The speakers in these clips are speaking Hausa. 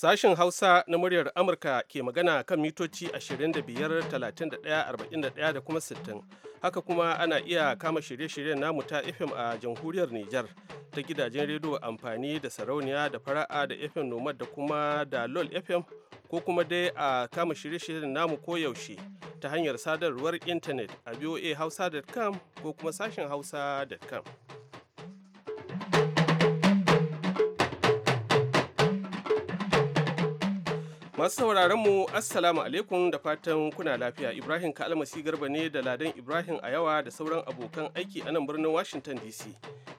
Sashen Hausa na muryar Amurka ke magana kan mitoci 25, 31, 41 da kuma 60. Haka kuma ana iya kama shirye-shiryen namu ta FM a jamhuriyar Nijar ta gidajen rediyo amfani da sarauniya da fara'a da FM Nomad da kuma da LOL FM ko kuma dai a kama shirye-shiryen namu koyaushe ta hanyar sadarwar intanet a voahausa.com ko kuma sashen hausa.com. Masu sauraron mu Assalamu alaikum da fatan kuna lafiya Ibrahim Kalmasi Garba ne da Ladan Ibrahim a yawa da sauran abokan aiki a nan birnin Washington DC.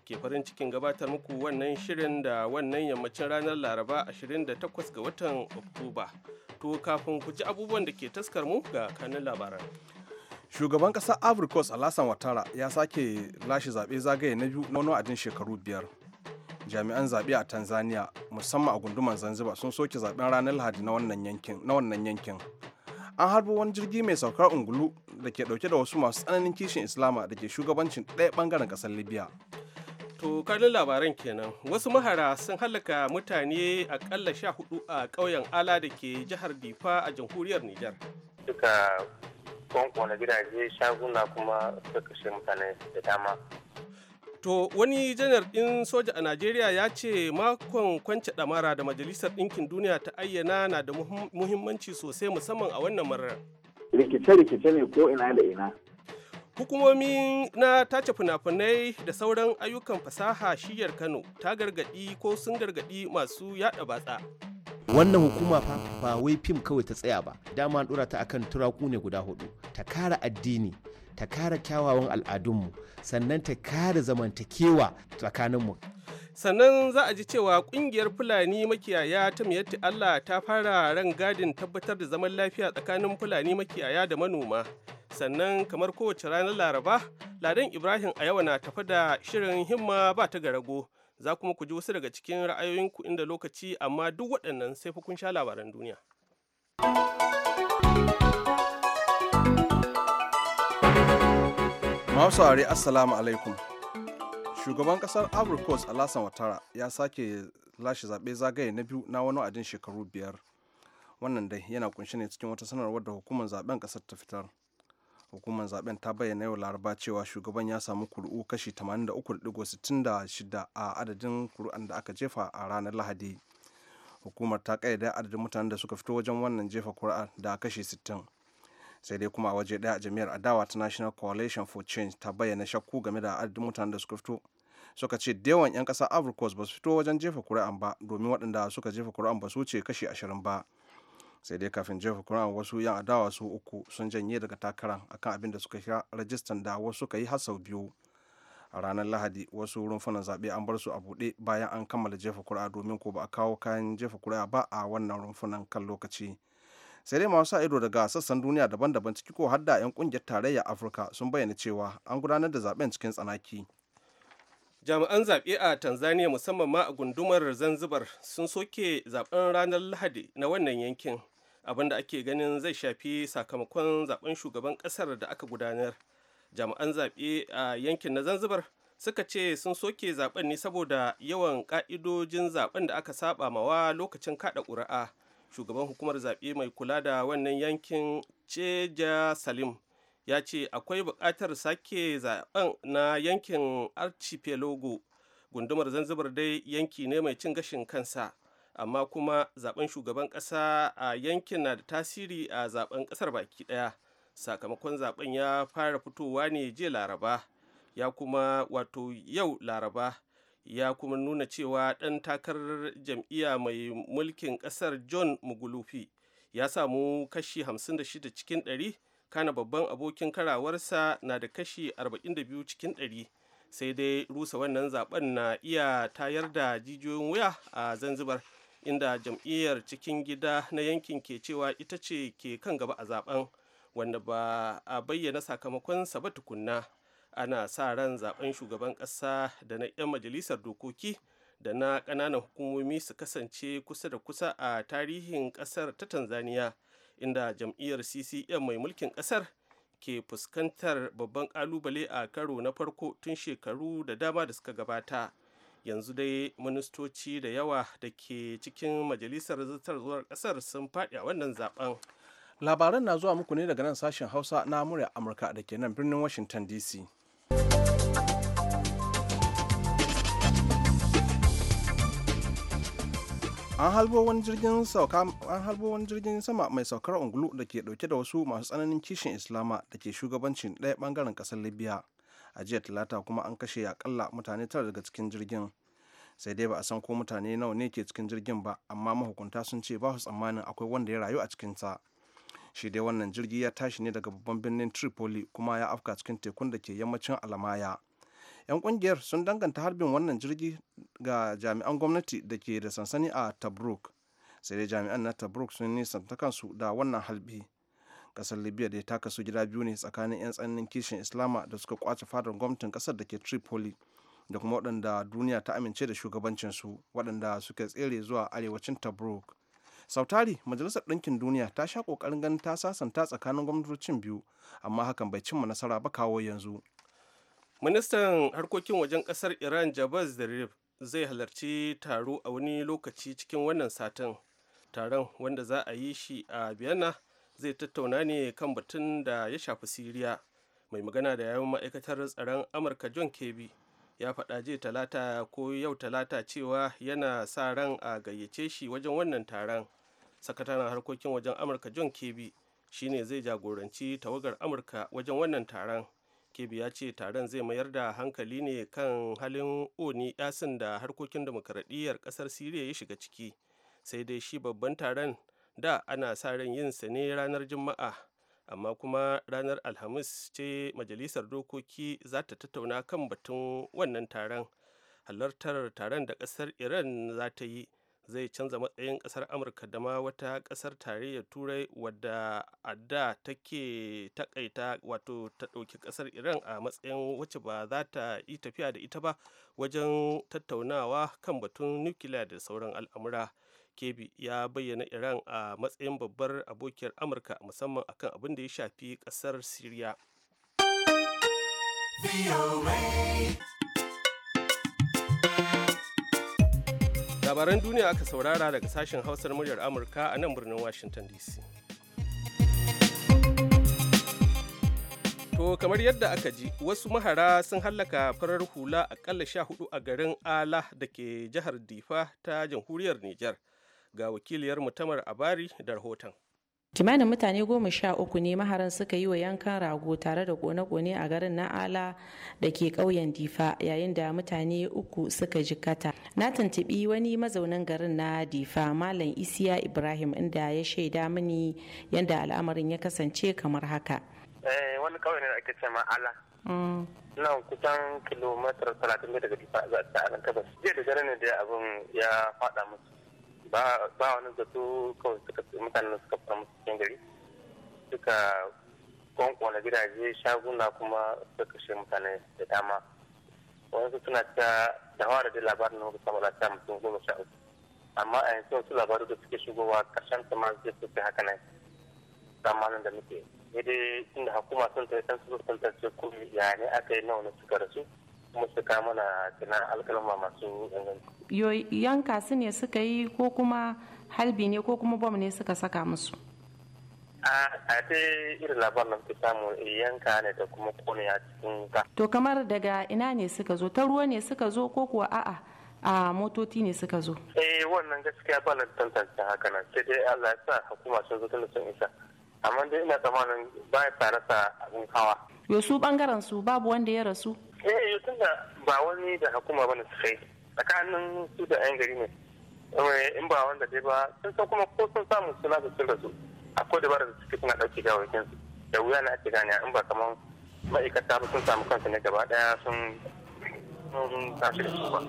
Ke farin cikin gabatar muku wannan shirin da wannan yammacin ranar Laraba 28 ga watan Oktoba. To kafin ku ji abubuwan da ke taskar mu ga kanun labaran. Shugaban ƙasar Ivory alasan watara ya sake lashe zaɓe zagaye na biyu na wani shekaru biyar. jami'an zaɓe a tanzania musamman a gunduman zanzibar sun soke zaɓen ranar lahadi na wannan yankin an harbo wani jirgi mai saukar ungulu da ke dauke da wasu masu tsananin kishin islama da ke shugabancin ɗaya bangaren ƙasar libya to kalin labaran kenan wasu mahara sun halaka mutane akalla sha hudu a ƙauyen ala da ke jihar difa a jamhuriyar niger duka kwankwana gidaje shaguna kuma suka kashe mutane da dama To wani janar ɗin soja a Najeriya ya ce makon kwance ɗamara da Majalisar Ɗinkin Duniya ta ayyana na da muhimmanci sosai musamman a wannan marar. Rikice-rikice ne ko ina da ina. Hukumomi na tace fina-finai da sauran ayyukan fasaha shiyar Kano ta gargaɗi ko sun gargaɗi masu yaɗa batsa. wannan hukuma fa ba wai fim kawai ta tsaya ba dama dora ta akan turaku ne guda hudu ta kara addini ta kare kyawawan al'adunmu sannan ta kare zamantakewa tsakaninmu sannan za a ji cewa kungiyar fulani makiyaya ta miyatti allah ta fara ran gadin tabbatar da zaman lafiya tsakanin fulani makiyaya da manoma sannan kamar kowace ranar laraba ladan ibrahim a yawa na tafa da shirin himma ba ta garago za kuma ku ji wasu daga cikin ra'ayoyinku inda lokaci amma duk waɗannan sai fa kun sha labaran duniya. masu ari assalamu alaikum shugaban kasar abrikos alasan watara ya sake lashe zaɓe zagaye na biyu na wani adin shekaru biyar wannan dai yana kunshi ne cikin wata sanarwar da hukumar zaben kasar ta fitar hukumar zaben ta bayyana yau laraba cewa shugaban ya samu kuri'u kashi 83.66 a adadin kuri'an da aka jefa a ranar lahadi hukumar ta kayyade adadin mutanen da suka fito wajen wannan jefa kuri'a da kashi 60 sai dai kuma a waje daya jami'ar adawa ta national coalition for change ta bayyana shakku game da adadin mutanen da suka fito suka ce dewan 'yan kasa africos ba su fito wajen jefa kuri'an ba domin waɗanda suka jefa kuri'an ba su ce kashi ashirin ba sai dai kafin jefa kuri'an wasu 'yan adawa su uku sun janye daga takaran akan abin da suka kira rajistan da wasu suka yi har sau biyu a ranar lahadi wasu rumfunan zaɓe an bar su a buɗe bayan an kammala jefa kuri'a domin ko ba a kawo kayan jefa kuri'a ba a wannan rumfunan kan lokaci sai dai masu ido daga sassan duniya daban-daban ciki ko hadda 'yan kungiyar tarayya afirka sun bayyana cewa an gudanar da zaben cikin tsanaki jami'an zaɓe a tanzania musamman ma a gundumar zanzibar sun soke zaben ranar lahadi na wannan yankin da ake ganin zai shafi sakamakon zaben shugaban ƙasar da aka gudanar jami'an zaɓe a yankin na zanzibar suka ce sun soke zaben ne saboda yawan ƙa'idojin zaben da aka saba mawa lokacin kaɗa ƙuri'a shugaban hukumar zaɓe mai kula da wannan yankin ceja salim ya ce akwai buƙatar sake zaɓen na yankin archipelago gundumar zanzibar dai yanki ne mai cin gashin kansa amma kuma zaɓen shugaban ƙasa a yankin na da tasiri a zaɓen ƙasar baki ɗaya sakamakon zaɓen ya fara fitowa ne jiya laraba ya kuma wato yau laraba ya kuma nuna cewa ɗan takarar jam'iyya mai mulkin ƙasar john mugulufi ya samu kashi 56 cikin 100 kana babban abokin karawarsa na da kashi 42 cikin 100 sai dai rusa wannan zaben na iya tayar da jijiyoyin wuya a zanzibar inda jam'iyyar cikin gida na yankin ke cewa ita ce ke kan gaba a zaben wanda ba a bayyana sakamakonsa ba tukunna ana sa ran zaben shugaban ƙasa da na 'yan majalisar dokoki da na ƙananan hukumomi su kasance kusa da kusa a tarihin ƙasar ta tanzania inda jam'iyyar ccm mai mulkin ƙasar ke fuskantar babban ƙalubale a karo na farko tun shekaru da dama da suka gabata yanzu dai ministoci da yawa da ke cikin majalisar zartarwar ƙasar sun faɗi a wannan zaben labaran na zuwa muku ne daga nan sashen hausa na murya amurka da ke nan birnin washington dc an halbo wani jirgin sama mai saukar ungulu da ke dauke da wasu masu tsananin kishin islama da ke shugabancin ɗaya bangaren ƙasar libya a jiya talata kuma an kashe akalla mutane tara daga cikin jirgin sai dai ba a san ko mutane nawa ne ke cikin jirgin ba amma mahukunta sun ce ba su tsammanin akwai wanda ya rayu a cikin cikinsa shi dai wannan jirgi ya tashi ne daga babban birnin tripoli kuma ya afka cikin tekun da ke yammacin alamaya 'yan kungiyar sun danganta harbin wannan jirgi ga jami'an gwamnati da ke da sansani a tabruk sai dai jami'an na tabruk sun ta kansu da wannan halbi kasar libya da ta kasu gida biyu ne tsakanin 'yan tsananin kishin islama da suka kwace fadar gwamnatin kasar da ke tripoli da kuma waɗanda duniya ta amince da shugabancin su waɗanda suka tsere zuwa arewacin tabruk sautari majalisar ɗinkin duniya ta sha ƙoƙarin ganin ta sasanta tsakanin gwamnatocin biyu amma hakan bai cimma nasara ba kawo yanzu ministan harkokin wajen kasar iran jabaz zarif zai halarci taro a wani lokaci cikin wannan satin taron wanda za a yi shi a Vienna zai tattauna ne kan batun da ya shafi siriya mai magana da yawon ma'aikatar tsaron amurka john Kebbi ya faɗa jiya talata ko yau talata cewa yana sa ran a gayyace shi wajen wannan taron sakataren harkokin wajen amurka john kebi shine zai jagoranci tawagar amurka wajen wannan taron kebi ya ce taron zai mayar da hankali ne kan halin oni yasin da harkokin demokaradiyyar kasar siriya ya shiga ciki sai dai shi babban taron da ana sa ran yin sa ne ranar juma'a amma kuma ranar alhamis ce majalisar dokoki za ta tattauna kan batun wannan taron halartar taron da kasar iran za ta yi zai canza matsayin kasar amurka da ma wata kasar tarayyar turai wadda a da take takaita wato ta ɗauki kasar iran a matsayin wacce ba za ta yi tafiya da ita ba wajen tattaunawa kan batun nukiliya da sauran al'amura kebi ya bayyana iran a matsayin babbar abokiyar amurka musamman akan abin da ya shafi kasar syria labaran duniya aka saurara daga sashen hausar muryar amurka a nan birnin washington dc To kamar yadda aka ji wasu mahara sun hallaka farar hula akalla sha hudu a garin Ala da ke jihar Difa ta jamhuriyar niger Ga wakiliyar mutamar Abari da rahoton. kimanin mutane goma sha uku ne maharan suka yi wa yankan rago tare da kone-kone a garin na ala da ke ƙauyen difa yayin da mutane uku suka jikata na tuntubi wani mazaunin garin na difa malam isiya ibrahim inda ya shaida mini yadda al'amarin ya kasance kamar haka eh, wani ƙauye ne da ake cema ala mm. nan kusan kilomitar talatin daga difa za ta anan kabas jiya da dare ne da abin ya fada musu ba wani zato kawai suka mutane suka fara musu cikin gari suka kwankwana gidaje shaguna kuma suka kashe mutane da dama wani suna ta da da labarin wani samun lafiya mutum goma sha uku amma a yanzu wasu labaru da suke shigowa karshen ta ma zai suke haka nan zamanin da muke sai dai inda hakuma sun ta san su sun ta ce ko ya ne aka yi nawa suka rasu kuma suka mana tunan alkalma masu inganci. yanka su ne suka yi ko kuma halbi ne ko kuma bom ne suka saka musu. a ta irin labarin da samu eh, yanka ne da kuma kone a cikin ka to kamar daga ina ne suka zo ta ruwa ne suka zo ko kuwa a'a a motoci ne suka zo. eh wannan gaskiya ba na tantance haka nan sai dai Allah ya sa hukuma sun zo tun sun isa amma dai ina tsammanin ba ya sa abin hawa. Yosu su bangaren su babu wanda ya rasu eh yosu tunda ba wani da hukuma bane su kai tsakanin su da yan gari ne in ba wanda dai ba sun san kuma ko sun samu suna da sun rasu akwai dabara da suke suna dauke da wakin da wuya na ake gane in ba kamar ma'aikata ba sun samu kansu ne gaba daya sun sun tashi da su ba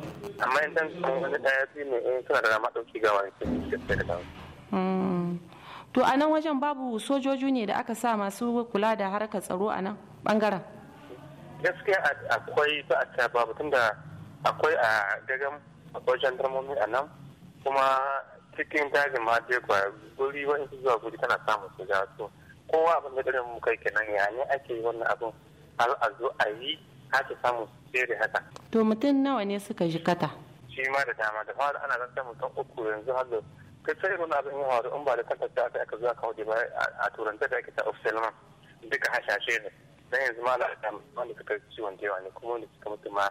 amma in dan wani daya biyu ne in eh, suna da rama ɗauki gawa da sun da mm. dawo to a nan wajen babu sojoji ne da aka sa masu kula da harkar tsaro a nan bangaren gaskiya akwai ba a ta babu tunda akwai a dagan akwai jandarmomi a nan kuma cikin dajin ma je kwa guri wani zuwa guri tana samun su ga su kowa abin da dare mu kai kenan ya ne ake yi wannan abin har a zo a yi ake samun tsere haka to mutum nawa ne suka jikata shi ma da dama da fara ana zanta mutum uku yanzu har ka sai wani abin yawa da in ba da takarda da aka zuwa ka kawai ba a turanta da ake ta ofselman duka hashashe ne dan yanzu ma lafiya wanda suka ciwon da yawa ne kuma wanda suka mutu ma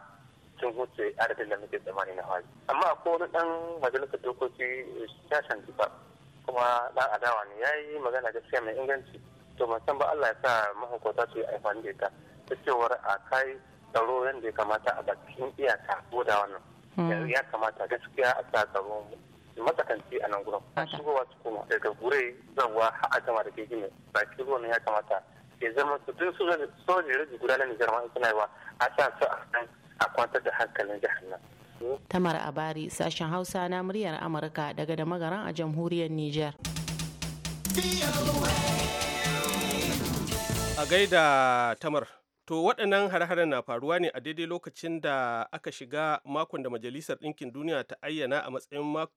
sun huce adadin da muke tsammani na hali amma akwai wani dan majalisar dokoki shashan jifa kuma dan adawa ne ya yi magana gaskiya mai inganci to san ba Allah ya sa mahukunta su yi aifani da ita ta cewar a kai tsaro yadda ya kamata a bakin iyaka ko da wannan hmm. ya kamata gaskiya a sa tsaron matakanci a nan gurin shigowa su koma daga gure zawa a gama da ba baki ruwan ya kamata ke zama su duk sojoji guda na nijar ma suna yawa a sa su a kan a kwantar da hankalin jihar Tamar Abari sashen Hausa na muryar Amurka daga da magaran a jamhuriyar Nijar. A gaida Tamar, to waɗannan hare-haren na faruwa ne a daidai lokacin da aka shiga makon da Majalisar Ɗinkin Duniya ta ayyana a matsayin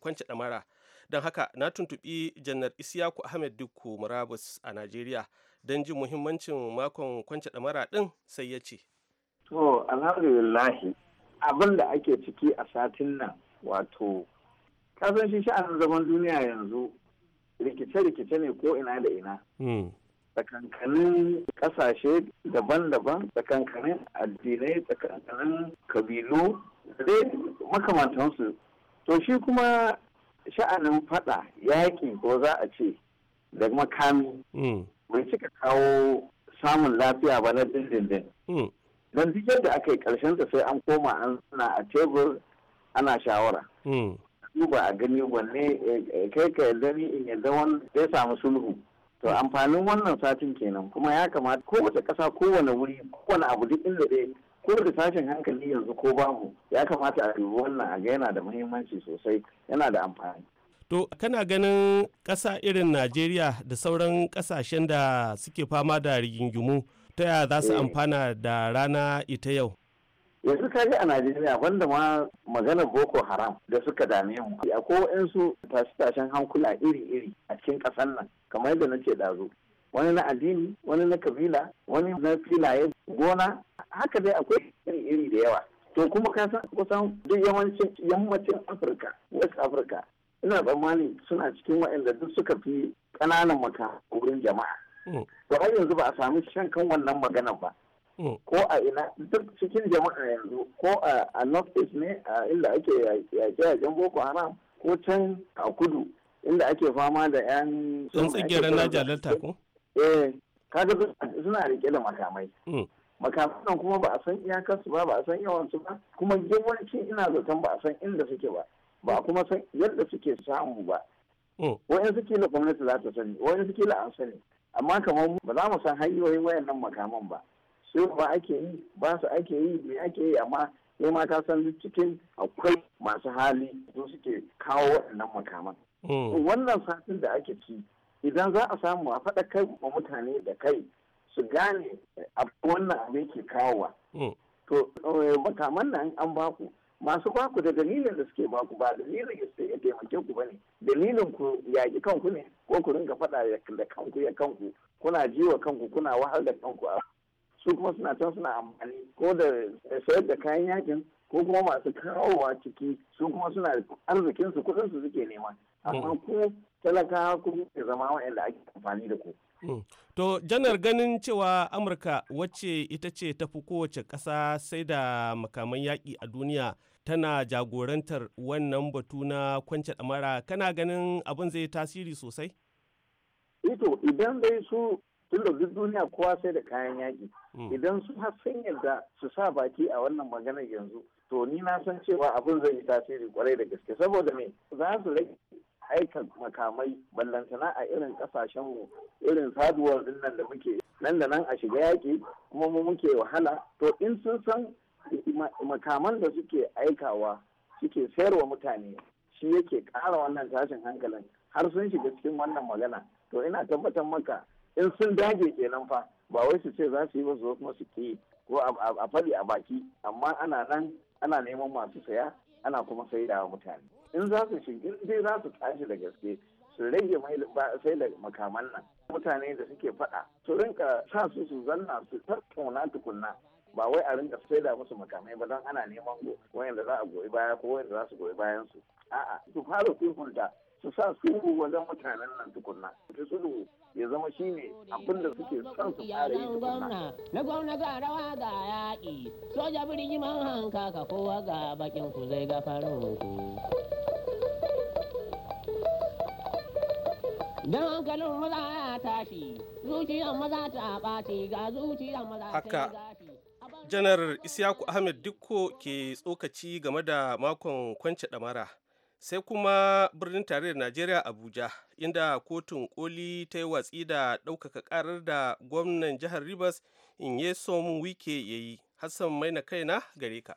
kwance ɗamara don haka na tuntuɓi janar isiyaku ahmed dukku murabus a najeriya don jin muhimmancin makon kwance ɗamara din sai ya ce to alhamdulillahi abin da ake ciki a satin nan wato kasan shi sha'anin zaman duniya yanzu rikice-rikice ne ko ina da ina hmm. tsakankanin kasashe daban-daban tsakankanin addinai tsakankanin kabilu da makamantansu to shi kuma sha'anin fada yaƙi ko za a ce da makami hmm. bai cika kawo samun lafiya ba na dindindin hmm. don duk yadda aka yi ta sai an koma an suna a tebur ana shawara hmm. duba a gani wanne eh, eh, kai ka yarda ni in yarda wani zai samu sulhu to amfanin wannan satin kenan kuma ya kamata kowace ƙasa kowane wuri kowane abu duk inda dai ko da tashin hankali yanzu ko babu ya kamata a dubi wannan a ga yana da muhimmanci sosai yana da amfani To kana ganin ƙasa irin Najeriya da sauran ƙasashen da suke fama da rigingimu ta yaya za su eh. amfana da rana ita yau? yanzu ka a najeriya wanda ma maganar boko haram da suka dame mu akwai waɗansu tashe-tashen hankula iri-iri a cikin ƙasar nan kamar yadda na ce ɗazu wani na addini wani na kabila wani na filaye gona haka dai akwai iri iri da yawa to kuma ka san kusan duk yawancin yammacin afirka west africa ina tsammani suna cikin waɗanda duk suka fi ƙananan maka wurin jama'a mm. to har yanzu ba a sami shan kan wannan maganar ba mm. ko a ina duk cikin jama'a yanzu ko a north east ne a inda ake yaƙe jan boko haram ko can a kudu inda ake fama da yan sun tsigiyar na ko eh kaga suna rike da makamai hmm. Makamai kuma ba a san iyakarsu ba ba a san yawansu ba kuma yawanci ina zaton ba a san inda suke ba ba kuma san yadda suke samu ba hmm. wayan suke la gwamnati za ta sani wayan suke la an sani amma kamar ba za mu san hanyoyin wayannan makaman ba sai ba ake yi ba su ake yi me ake yi amma sai ma ka san cikin akwai masu hali su suke kawo waɗannan makaman hmm. wannan satin da ake ci idan za a samu a faɗa kai wa mutane da kai su gane wannan abin ke kawowa mm. to eh, makaman nan an baku masu baku da dalilin da suke baku ba dalilin ya ya taimake ku bane dalilin ku yaƙi kanku ne ko ku ringa faɗa da kanku ya kanku kuna jiwa kanku kuna wahal da kanku su kuma suna can suna amfani ko da sayar da kayan yakin ko kuma masu kawowa ciki su kuma suna arzikinsu kuɗinsu suke nema amma mm. ko talakawa kuma ke zama da ake amfani da ku. Mm. To janar ganin cewa Amurka wacce ita ce ta fi kowace ƙasa sai da makaman yaƙi a duniya tana jagorantar wannan batu na kwance ɗamara kana ganin abin zai tasiri sosai? Ito eh idan dai su tun da duniya kowa sai da kayan yaƙi mm. idan su har yadda su sa baki a wannan maganar yanzu to ni na san cewa abin zai yi tasiri kwarai da gaske saboda me za su rage aika makamai ballantana a irin kasashen mu irin saduwar dinnan da muke nan da nan a shiga yaƙi kuma mu muke wahala to in sun san makaman da suke aikawa suke sayarwa mutane shi yake ƙara wannan tashin hankalin har sun shiga cikin wannan magana to ina tabbatar maka in sun dage kenan fa ba wai su ce za su yi ba su kuma su ke ko a faɗi a baki amma ana nan ana neman masu saya ana kuma sai da mutane in za su shi in dai za su tashi da gaske su rage sai da makaman nan mutane da suke faɗa su rinka sa su su zanna su tattauna tukunna ba wai a rinka saida musu makamai ba don ana neman wayanda za a goyi baya ko wayanda za su goyi bayan su a'a su fara sulhunta su sa su wajen mutanen nan tukunna ta sulhu ya zama shi ne abin da suke son su fara yi tukunna na gwamna ga rawa ga yaƙi soja birni man hanka ka kowa ga bakin ku zai ga farin ku Don hankalin maza ya tashi, zuciyar maza ta ɓaci ga zuciyar maza ta Janar Isiyaku Ahmed Dikko ke tsokaci game da makon kwance ɗamara. sai kuma birnin tarayyar najeriya abuja inda kotun koli ta yi watsi da ɗaukaka karar da gwamnan jihar rivers son wike ya yi hassan maina kaina gare ka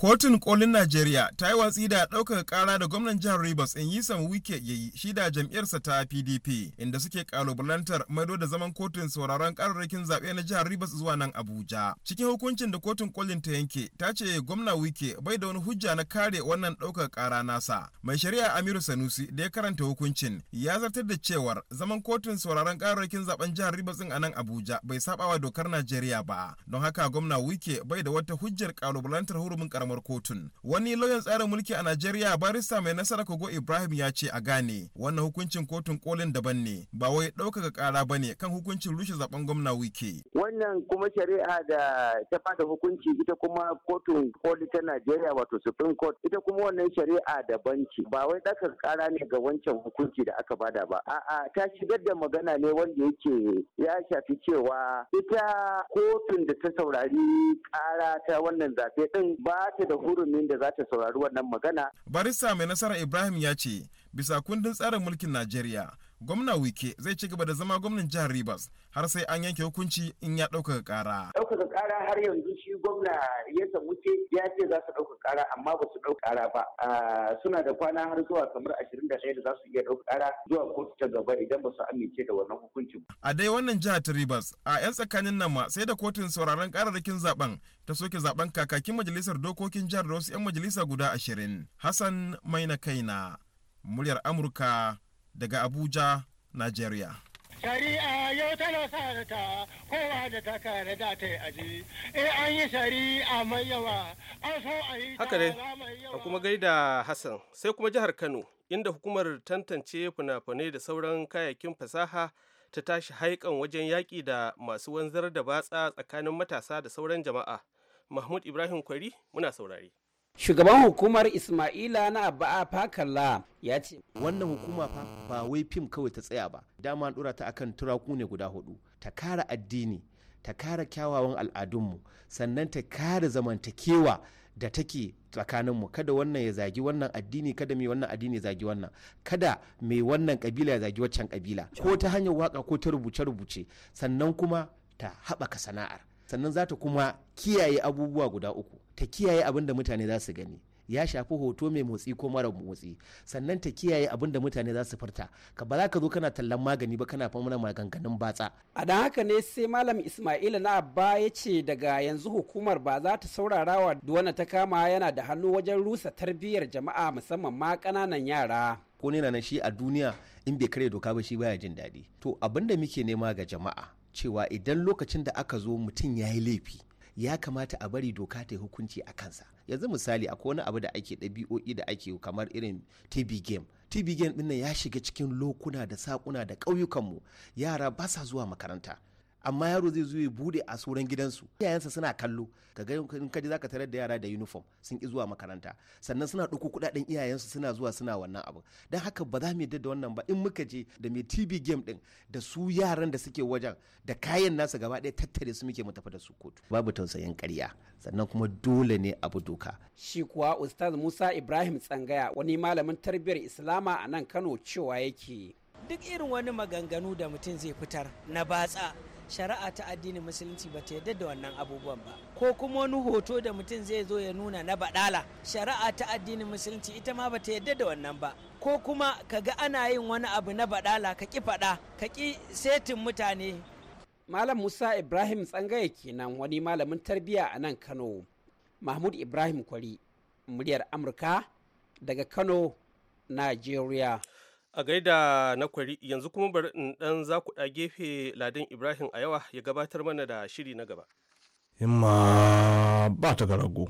Kotun kolin Najeriya ta yi watsi da ɗaukar ƙara da gwamnan jihar Rivers in yi san wike ya yi shi da jam'iyyarsa ta PDP inda suke kalubalantar maido da zaman kotun sauraron kararrakin zaɓe na jihar Rivers zuwa nan Abuja. Cikin hukuncin da kotun kolin ta yanke ta ce gwamna wike bai da wani hujja na kare wannan ɗaukar kara nasa. Mai shari'a Amiru Sanusi da ya karanta hukuncin ya zartar da cewar zaman kotun sauraron kararrakin zaben jihar Rivers a nan Abuja bai saɓawa dokar Najeriya ba. Don haka gwamna wike bai da wata hujjar kalubalantar hurumin karamar kotun wani lauyan tsarin mulki a najeriya barista mai nasara kogo ibrahim ya ce a gane wannan hukuncin kotun kolin daban ne ba wai ɗaukaka ƙara ba ne kan hukuncin rushe zaben gwamna wike wannan kuma shari'a da ta fada hukunci ita kuma kotun koli ta najeriya wato supreme court ita kuma wannan shari'a daban ce ba wai ɗaukaka kara ne ga wancan hukunci da aka bada ba a'a ta shigar da magana ne wanda yake ya shafi cewa ita kotun da ta saurari kara ta wannan zaɓe ɗin ba ce da hurumin da za ta saurari wannan magana. Barista mai nasara Ibrahim ya ce bisa kundin tsarin mulkin Najeriya gwamna wike zai ci gaba da zama gwamnan jihar rivers har sai an yanke hukunci in ya ɗaukaka ƙara ɗaukaka ƙara har yanzu shi gwamna ya samu ce ya ce za su ɗauka ƙara amma ba su ɗauka ƙara ba ah, suna da kwana har zuwa kamar ashirin da ɗaya da za su iya ɗauka ƙara zuwa kotu ta gaba idan ba su amince da wannan hukuncin a dai wannan jihar ta rivers a 'yan tsakanin nan ma sai da kotun sauraron ƙararrakin zaben ta soke zaɓen kakakin majalisar dokokin jihar da wasu 'yan majalisa guda ashirin hassan maina kaina muryar amurka daga Abuja, Najeriya. shari'a yau tana sa ta kowa da ta kare da ta yi aji eh, an yi shari'a mai yawa an so a yi haka ne a kuma gaida hassan sai kuma jihar kano inda hukumar tantance fina-finai da sauran kayayyakin fasaha ta tashi haikan wajen yaƙi da masu wanzar da batsa tsakanin matasa da sauran jama'a mahmud ibrahim kwari muna saurari. shugaban hukumar ismaila na abba fakalla ya ce wannan hukuma fa ba wai fim kawai ta tsaya ba dama dora ta akan turaku ne guda hudu ta kara addini ta kara kyawawan al'adunmu sannan ta kara zamantakewa da take tsakaninmu kada wannan ya zagi wannan addini kada mai wannan addini ya zagi wannan kada mai wannan kabila ya zagi waccan kabila ko ta hanyar waka ko ta rubuce-rubuce sannan kuma ta haɓaka sana'ar sannan za ta kuma kiyaye abubuwa guda uku ta kiyaye abin da mutane za su gani ya shafi hoto mai motsi ko mara motsi sannan ta kiyaye abin da mutane za su furta ka ba za ka zo kana tallan magani ba kana fama na maganganun batsa a dan haka ne sai malam ismaila na abba ya ce daga yanzu hukumar ba za ta saurara wa duwana ta kama yana da hannu wajen rusa tarbiyyar jama'a musamman ma kananan yara ko ne na shi a duniya in bai karya doka ba shi baya jin daɗi to abin da muke nema ga jama'a cewa idan lokacin da aka zo mutum ya yi laifi ya kamata a bari doka ta yi hukunci a kansa yanzu misali akwai wani abu da ake ɗabi'o'i da ake kamar irin tv game tv game ɗin ya shiga cikin lokuna da sakuna da ƙauyukanmu yara ba sa zuwa makaranta amma yaro zai zo ya bude a sauran gidansu iyayensa suna kallo ka ga in ka ji zaka tarar da yara da uniform sun ki zuwa makaranta sannan suna dauko kuɗaɗen iyayensu suna zuwa suna wannan abu. dan haka ba za mu yadda da wannan ba in muka je da mai tv game din da su yaran da suke wajen da kayan nasu gaba ɗaya tattare su muke mu tafi da su kotu babu tausayin ƙarya sannan kuma dole ne abu doka shi kuwa ustaz musa ibrahim tsangaya wani malamin tarbiyyar islama a nan kano cewa yake duk irin wani maganganu da mutum zai fitar na batsa shari'a ta addinin musulunci ba ta yarda da wannan abubuwan ba ko kuma wani hoto da mutum zai zo ya nuna na baɗala? shari'a ta addinin musulunci ita ma ba ta yarda da wannan ba ko kuma ka ga ana yin wani abu na baɗala ka ki faɗa ka ki setin mutane malam musa ibrahim tsangaye kenan wani malamin tarbiyya a nan kano mahmud ibrahim kwari muryar amurka daga kano nigeria a gaida na kwari yanzu kuma bari in dan za ku gefe ladin ibrahim a yawa ya gabatar mana da shiri na gaba himma ba ta garago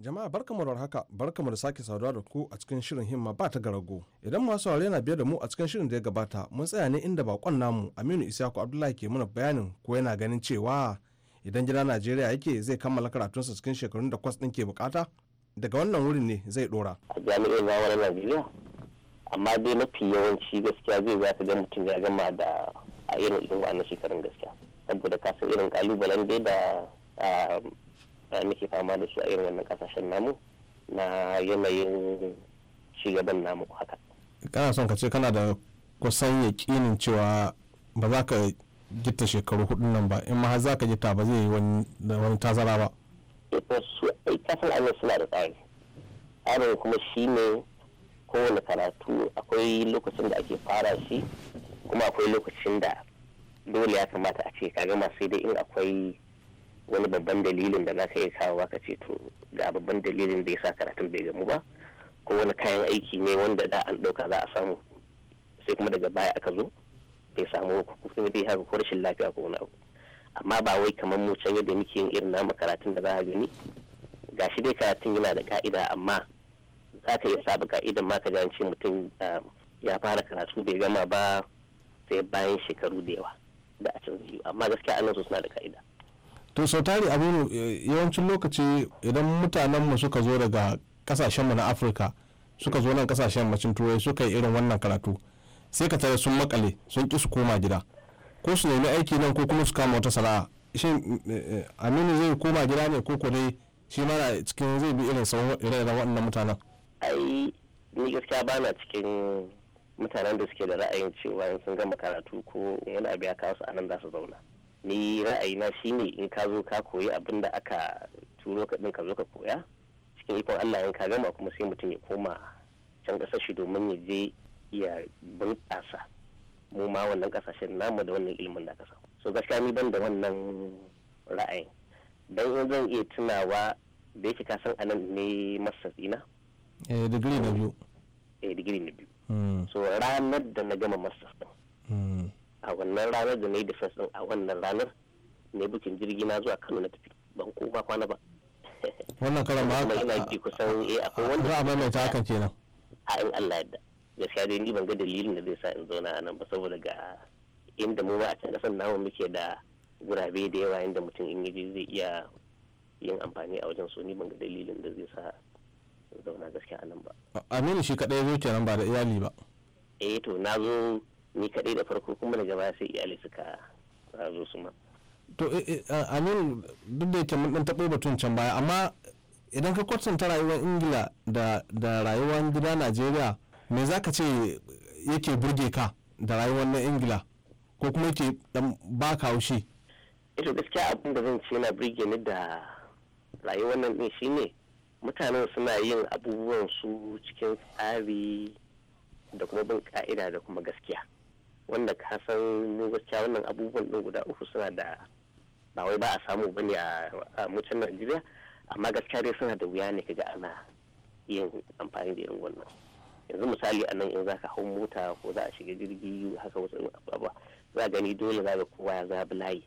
Jama'a barkamu da haka barkamu da sake saduwa da ku a cikin shirin himma ba ta garago. Idan masu saurare na biyar da mu a cikin shirin da ya gabata mun tsaya ne inda bakon namu Aminu Isiyaku Abdullahi ke muna bayanin ko yana ganin cewa idan gida Najeriya yake zai kammala karatunsa cikin shekarun da kwas ɗin ke bukata daga wannan wurin ne zai dora. A jami'in zamani Najeriya amma dai mafi yawanci gaskiya zai za ta ga mutum ya gama da a irin irin wannan shekarun gaskiya saboda kasan irin kalubalen dai da ah, muke fama da su a irin wannan kasashen namu na yanayin cigaban namu haka kana son ka ce kana da kusan yakinin cewa ba za ka gita shekaru hudu nan ba in ma za ka gita ba zai yi wani tazara ba su kasan allah suna da tsari tsarin kuma shi ne kowane karatu akwai lokacin da ake fara shi kuma akwai lokacin da dole ya kamata a ce kaga masu dai in akwai wani babban dalilin da za ka iya kawo ka ce to ga babban dalilin da ya sa karatun bai gamu ba ko wani kayan aiki ne wanda da an ɗauka za a samu sai kuma daga baya aka zo bai samu kuma bai haka ko rashin lafiya ko wani abu amma ba wai kamar mu can yadda muke yin irin namu karatun da za a gani shi dai karatun yana da ka'ida amma za ka iya sabu ka'idan ma ka ce mutum ah, ya fara karatu bai gama ba sai bayan shekaru da yawa da a can amma gaskiya anan su suna da ka'ida to sau tari abin yawancin lokaci idan mutanenmu suka zo daga kasashenmu na afirka suka zo nan kasashen macin turai suka yi irin wannan karatu sai ka tare sun makale sun ki su koma gida ko su nemi aiki nan ko kuma su kama wata sana'a shin eh, aminu zai koma gida ne ko kudai shi mana cikin zai bi irin sauran irin wannan mutanen ai ni gaskiya ba na cikin mutanen da suke da ra'ayin cewa sun gama karatu ko wani abu ya kawo su a nan za su zauna ni ra'ayina shine in ka zo ka koyi abin da aka turo ka ka zo ka koya cikin ikon Allah in ka gama kuma sai mutum ya koma can ƙasar shi domin ya je ya bunƙasa mu ma wannan ƙasashen namu da wannan ilimin da ƙasa so gaskiya ni ban da wannan ra'ayin dan in zan iya tunawa da yake ka san anan ne masters ina eh digiri na biyu eh digiri na biyu hmm. so ranar da na gama masters din hmm. a wannan ranar da na yi defense din a wannan ranar ne bukin jirgi na zuwa kano na tafi ban koma kwana ba wannan karan ba haka ina ji kusan eh akwai wanda za a maimaita hakan kenan a in Allah yadda gaskiya dai ni ban ga dalilin da zai sa in zauna a nan ba saboda ga inda mu ba a can kasan namu muke da gurabe da yawa inda mutum in yaje zai iya yin amfani a wajen so ni ban ga dalilin da zai sa zauna gaskiya a nan ba aminu shi kadai zo nan ba da iyali ba eh to na zo ni kaɗai da farko kuma da baya sai iyali suka zo su ma to eh, eh, a nan duk da yake mun dan taɓo batun can baya amma idan ka kwatanta rayuwar ingila da rayuwar gida najeriya me za ka ce yake burge ka da rayuwar na ingila ko kuma yake dan baka haushi ito eh, gaskiya abin da zan ce yana burge ni da rayuwar nan shi ne mutanen suna yin abubuwan su cikin tsari da kuma bin ka'ida da kuma gaskiya wanda ka san mu gaskiya wannan abubuwan ɗin guda uku suna da ba wai ba a samu ba ne a mucin najeriya amma gaskiya dai suna da wuya ne kaga ana yin amfani da irin wannan yanzu misali a nan in za ka hau mota ko za a shiga jirgi haka wasu abubuwa za a gani dole za ga kowa ya zabi layi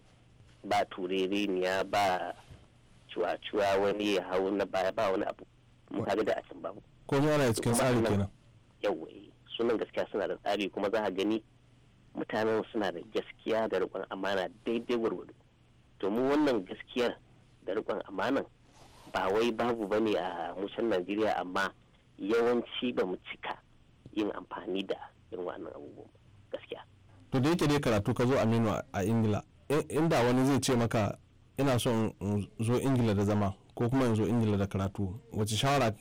ba turereniya ba cuwa-cuwa wani ya hau na baya ba wani abu mu kaga da a can babu ko ana cikin tsari kenan yawwa eh, sunan gaskiya suna da tsari kuma za a gani mutanen suna da gaskiya da rikon amana daidai warware to mu wannan gaskiyar da rikon amanan ba wai babu ba ne a musan najeriya amma yawanci ba mu cika yin amfani da irin wannan abubuwan gaskiya to da yake dai karatu ka zo aminu a ingila inda wani zai ce maka ina so in zo ingila da zama ko kuma in zo ingila da karatu wace shawara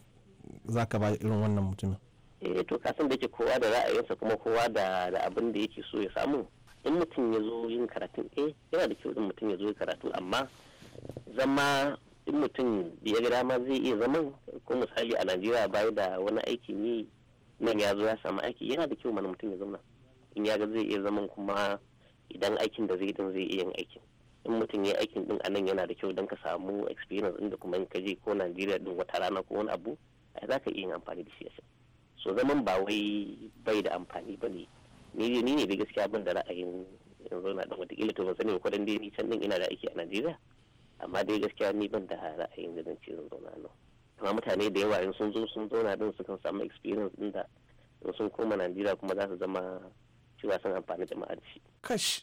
za ka ba irin wannan mutumin eh to kasan da yake kowa da ra'ayinsa kuma kowa da da abin da yake so ya samu in mutum ya zo yin karatun eh yana da kyau in mutum ya zo yin karatu amma zama in mutum ya ga dama zai iya zaman ko misali a Najeriya bai da wani aiki ne nan ya zo ya samu aiki yana da kyau mana mutum ya zama in ya ga zai iya zaman kuma idan aikin da zai din zai iya yin aikin in mutum ya aikin din anan yana da kyau don ka samu experience din da kuma in ka je ko Najeriya din wata rana ko wani abu ai za ka iya yin amfani da shi a so zaman ba wai bai da amfani ba ne ni ne da gaskiya abin da ra'ayin yanzu na da wata to ban sani ko dan ni can din ina da aiki a Najeriya amma dai gaskiya ni ban da ra'ayin da ce zan zauna nan amma mutane da yawa in sun zo sun zauna din su kan samu experience din da sun koma Najeriya kuma za su zama cewa sun amfani da shi kash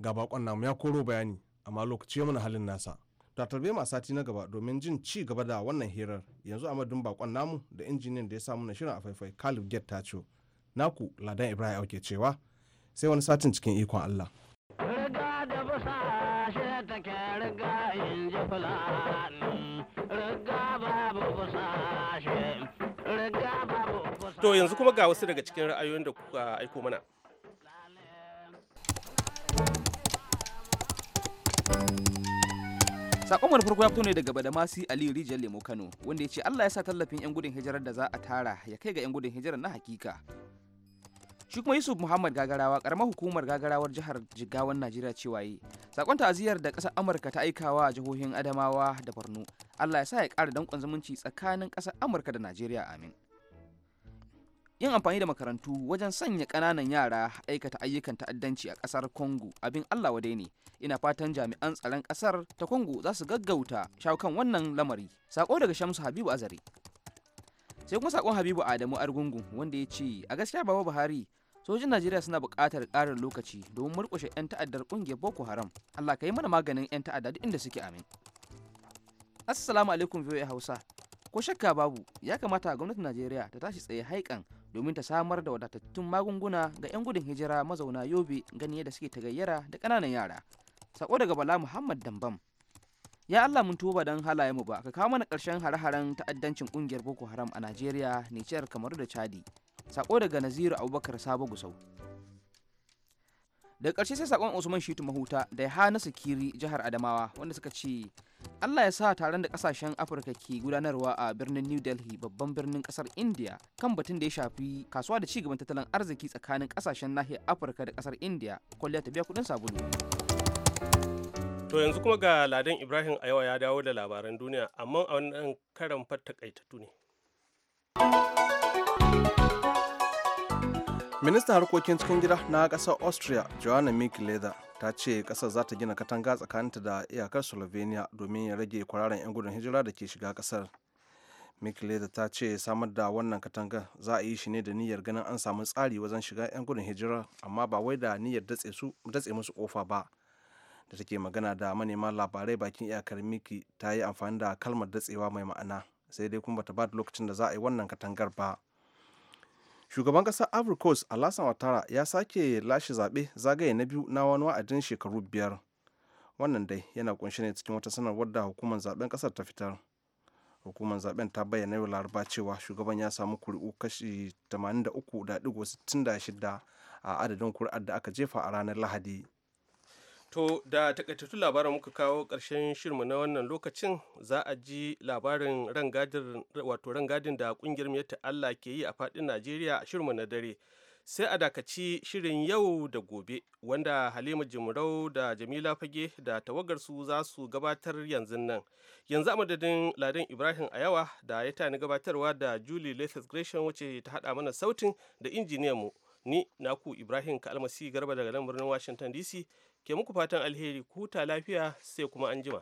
ga bakon namu ya koro bayani amma lokaci ya mana halin nasa da tarbe ma sati na gaba domin jin ci gaba da wannan hirar yanzu a madun bakon namu da injiniyan da ya samu na shirin a faifai kalif get tacho naku ladan ibrahim auke cewa sai wani satin cikin ikon allah riga to yanzu kuma ga wasu daga cikin ra'ayoyin da kuka aiko mana Sakon wani farko ya fito ne daga Badamasi Ali Rijal Lemo Kano wanda ya ce Allah ya sa tallafin 'yan gudun hijirar da za a tara ya kai ga 'yan gudun hijirar na hakika. Shi kuma Yusuf Muhammad Gagarawa karamar hukumar gagarawar jihar Jigawan Najeriya cewa waye? Sakon ta'aziyar da ƙasar Amurka ta aikawa a jihohin Adamawa da Borno. Allah ya sa ya ƙara danƙon zumunci tsakanin ƙasar Amurka da Najeriya amin. yin amfani da makarantu wajen sanya kananan yara aikata ayyukan ta'addanci a ƙasar congo abin allah wadai ne ina fatan jami'an tsaron ƙasar ta congo za su gaggauta shawo wannan lamari sako daga shamsu habibu azare sai kuma sakon habibu adamu argungu wanda ya ce a gaskiya baba buhari sojin najeriya suna buƙatar ƙarin lokaci domin murƙushe 'yan ta'addar ƙungiyar boko haram allah ka yi mana maganin 'yan ta'adda duk inda suke amin assalamu alaikum voa hausa ko shakka babu ya kamata gwamnatin najeriya ta tashi tsaye haikan domin ta samar da wadatattun magunguna ga 'yan gudun hijira mazauna yobe gani yadda suke ta gayyara da ƙananan yara sako daga bala muhammad dambam ya allah mun tuba don halaye mu ba ka kawo mana ƙarshen hare-haren ta'addancin ƙungiyar boko haram a najeriya nijar kamaru da chadi sako daga naziru abubakar sabo gusau daga ƙarshe sai sakon usman shitu mahuta da ya hana sikiri jihar adamawa wanda suka ce Allah ya sa taron da kasashen Afirka ke gudanarwa a birnin New Delhi babban birnin kasar India kan batun da ya shafi kasuwa da cigaban tattalin arziki tsakanin kasashen nahiyar Afirka da kasar India kwalliya ta biya kudin sabulu. To yanzu kuma ga Ladan Ibrahim a yau ya dawo da labaran duniya amma a wannan karan fattakaitattu ne. Ministan harkokin cikin gida na ƙasar Austria, Joanna Mikleda, ta ce kasar za ta gina katanga tsakaninta da iyakar slovenia domin ya rage kwararan 'yan gudun hijira da ke shiga kasar mikileta ta ce samar da wannan katangar za a yi shi ne da niyyar ganin an samu tsari wajen shiga 'yan gudun hijira amma ba wai da niyyar datse musu kofa ba da take magana da manema labarai bakin iyakar miki ta yi amfani da kalmar datsewa mai ma'ana sai dai kuma ta ba da lokacin da za a yi wannan katangar ba shugaban kasar ivory coast alasan watara ya sake lashe zaɓe zagaye na biyu na wani wa'adin shekaru biyar wannan dai yana kunshi ne cikin wata sanarwar da hukumar zaben ƙasar ta fitar hukumar zaben ta bayyana yau laraba cewa shugaban ya samu kuri'u kashi 83.66 a adadin kuri'ar da aka jefa a ranar lahadi To da takaitattun labaran muka kawo ƙarshen shirmu na wannan lokacin za a ji labarin rangadin wato da kungiyar miyar Allah ke yi a faɗin Najeriya a shirmu na dare. Sai a dakaci shirin yau da gobe wanda Halima Jimrau da Jamila Fage da tawagarsu za su gabatar yanzu nan. Yanzu a madadin Ladan Ibrahim Ayawa da ya tani gabatarwa da Julie Lathis Gresham wace ta haɗa mana sautin da injiniyanmu. ni naku ibrahim kalmasi garba daga nan birnin washington dc ke muku fatan alheri ku huta lafiya sai kuma anjima.